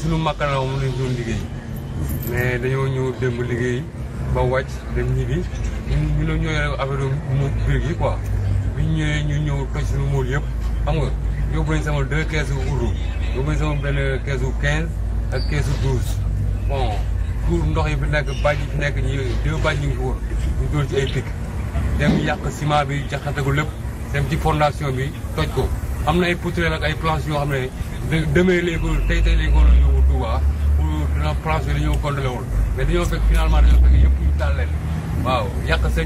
suñu makkanaaw moom lañ doon liggéey mais dañoo ñëw démb liggéey ba wàcc dem ñibbi ñu ñoo ñëwee affaire mu birig yi quoi bi ñu ñëwee ñëw toj suñu móol yëpp xam nga yóbbu nañ sama deux keesu urdu yóbbu nañ sama benn keesu quinze ak keesu douze bon pour ndox yi fi nekk bàjj nekk ñu deux ñu ngi ko wër ci ay picc dem bi jaxate lépp dem bi toj ko am na ay poutrelles ak ay planches yoo xam ne demee léegi tey tey léegi waroon yóbbu Touba pour place bi dañoo contrôlé woon mais dañoo fekk finalement dañoo fekk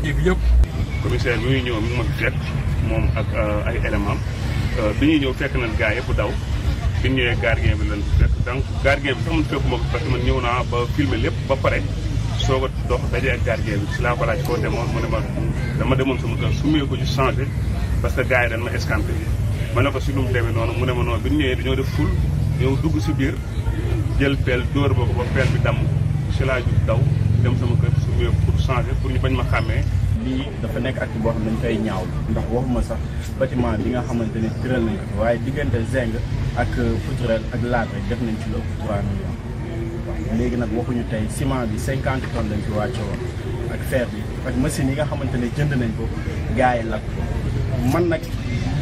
yëpp bi yëpp. commissaire bi moom ak euh, ay éléments euh, bi ñuy ñëw fekk na gaa yëpp daw bi ñëwee gardien bi lañ fekk donc gardien bi sax man man ñëw naa ba filmer yëpp ba pare soo a dox daje ak bi si laa ko laaj koo demoon mu ne dama demoon sama kër su ma ko ci changé parce que gaa yi dañ ma escampé. ma ko si lu mu demee noonu mu ne ma noonu bi ñu ñëwee dañoo def ful ñëw dugg si biir jël peel dóor boo ko ba peel bi damm si laa jug daw dem sama kër su pour changer pour ñu bañ ma xàmmee. lii dafa nekk ak boo xam dañ koy ñaaw ndax waxuma sax bâtiment bi nga xamante ne tëral nañ ko waaye diggante zinc ak poutrelle ak laat rek def nañ ci lu ëpp 3 léegi nag waxuñu tey ciment bi cinquante tonnes dañ fi wàcce woon ak fer bi ak machine yi nga xamante ne jënd nañ ko gars yi lakk ko man nag.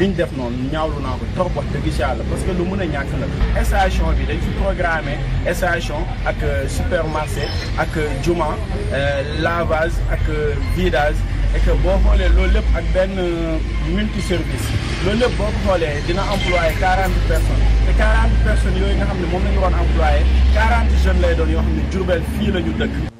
li def noonu ñaawlu naa ko trop wax dëgg si yàlla parce que lu mën a ñàkk la station bi dañ fi programmé station ak euh, supermarché ak euh, juma euh, lavage ak vidage et que boo xoolee loolu lépp ak benn multi service loolu lépp boo ko xoolee dina employé quarante personnes te quarante personnes yooyu nga xam ne moom la ñu waroon employé lay doon yoo xam ne Diourbel fii la dëkk